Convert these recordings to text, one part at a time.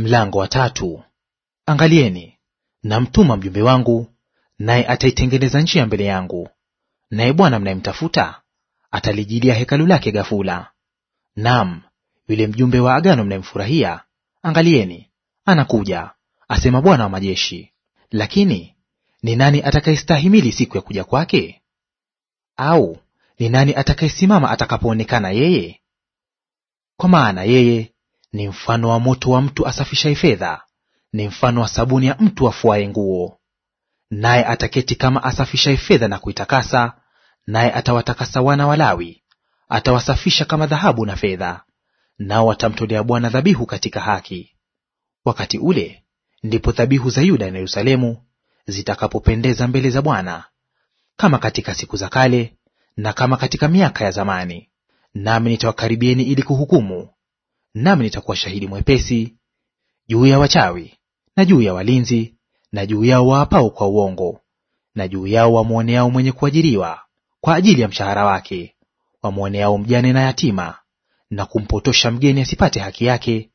Mlango wa tatu. Angalieni, namtuma mjumbe wangu, naye ataitengeneza njia mbele yangu. Naye Bwana mnayemtafuta atalijilia hekalu lake ghafula. Naam, yule mjumbe wa agano mnayemfurahia, angalieni, anakuja, asema Bwana wa majeshi. Lakini ni nani atakayestahimili siku ya kuja kwake? Au ni nani atakayesimama atakapoonekana yeye? Kwa maana yeye ni mfano wa moto wa mtu asafishaye fedha, ni mfano wa sabuni ya mtu afuaye nguo. Naye ataketi kama asafishaye fedha na kuitakasa, naye atawatakasa wana wa Lawi, atawasafisha kama dhahabu na fedha, nao watamtolea Bwana dhabihu katika haki. Wakati ule ndipo dhabihu za Yuda na Yerusalemu zitakapopendeza mbele za Bwana, kama katika siku za kale na kama katika miaka ya zamani. Nami nitawakaribieni ili kuhukumu, nami nitakuwa shahidi mwepesi juu ya wachawi na juu ya walinzi na juu yao waapao kwa uongo na juu yao wamwoneao mwenye kuajiriwa kwa ajili ya mshahara wake, wamwoneao mjane na yatima, na kumpotosha mgeni asipate haki yake,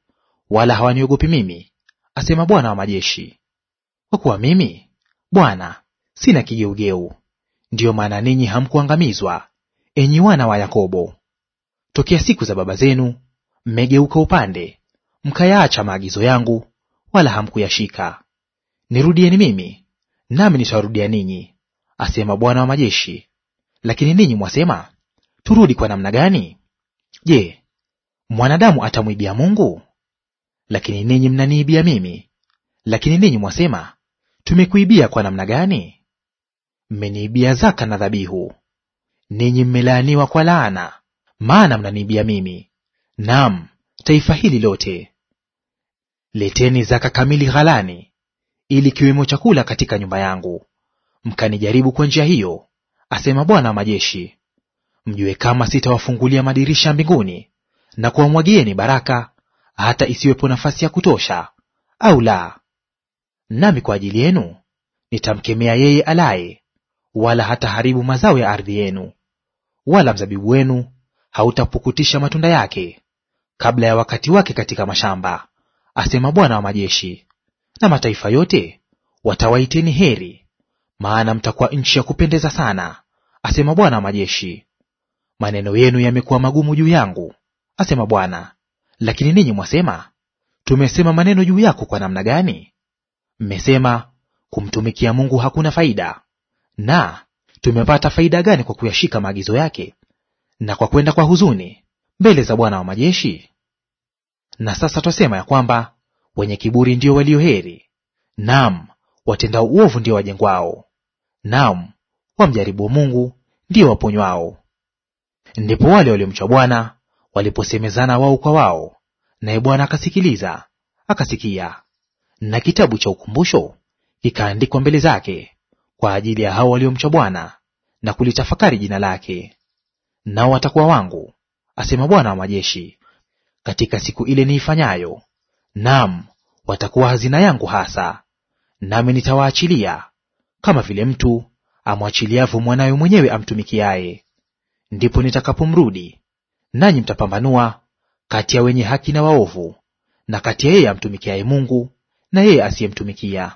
wala hawaniogopi mimi, asema Bwana wa majeshi. Kwa kuwa mimi Bwana sina kigeugeu, ndiyo maana ninyi hamkuangamizwa, enyi wana wa Yakobo. Tokea siku za baba zenu mmegeuka upande mkayaacha maagizo yangu, wala hamkuyashika. Nirudieni mimi, nami nitawarudia ninyi, asema Bwana wa majeshi. Lakini ninyi mwasema, turudi kwa namna gani? Je, mwanadamu atamwibia Mungu? Lakini ninyi mnaniibia mimi. Lakini ninyi mwasema, tumekuibia kwa namna gani? Mmeniibia zaka na dhabihu. Ninyi mmelaaniwa kwa laana, maana mnaniibia mimi, naam, taifa hili lote. Leteni zaka kamili ghalani, ili kiwemo chakula katika nyumba yangu, mkanijaribu kwa njia hiyo, asema Bwana wa majeshi, mjue kama sitawafungulia madirisha ya mbinguni na kuwamwagieni baraka hata isiwepo nafasi ya kutosha, au la. Nami kwa ajili yenu nitamkemea yeye alaye, wala hataharibu mazao ya ardhi yenu, wala mzabibu wenu hautapukutisha matunda yake, kabla ya wakati wake katika mashamba, asema Bwana wa majeshi. Na mataifa yote watawaiteni heri, maana mtakuwa nchi ya kupendeza sana, asema Bwana wa majeshi. Maneno yenu yamekuwa magumu juu yangu, asema Bwana. Lakini ninyi mwasema, tumesema maneno juu yako kwa namna gani? Mmesema, kumtumikia Mungu hakuna faida. Na tumepata faida gani kwa kuyashika maagizo yake na kwa kwenda kwa huzuni mbele za Bwana wa majeshi? Na sasa twasema ya kwamba wenye kiburi ndio walio heri, naam watendao uovu ndio wajengwao, naam wamjaribu Mungu ndio waponywao. Ndipo wale waliomcha Bwana waliposemezana wao kwa wao, naye Bwana akasikiliza akasikia, na kitabu cha ukumbusho kikaandikwa mbele zake kwa ajili ya hao waliomcha Bwana na kulitafakari jina lake. Nao watakuwa wangu asema Bwana wa majeshi, katika siku ile niifanyayo, naam, watakuwa hazina yangu hasa, nami nitawaachilia kama vile mtu amwachiliavyo mwanawe mwenyewe amtumikiaye. Ndipo nitakapomrudi, nanyi mtapambanua kati ya wenye haki na waovu, na kati ya yeye amtumikiaye Mungu na yeye asiyemtumikia.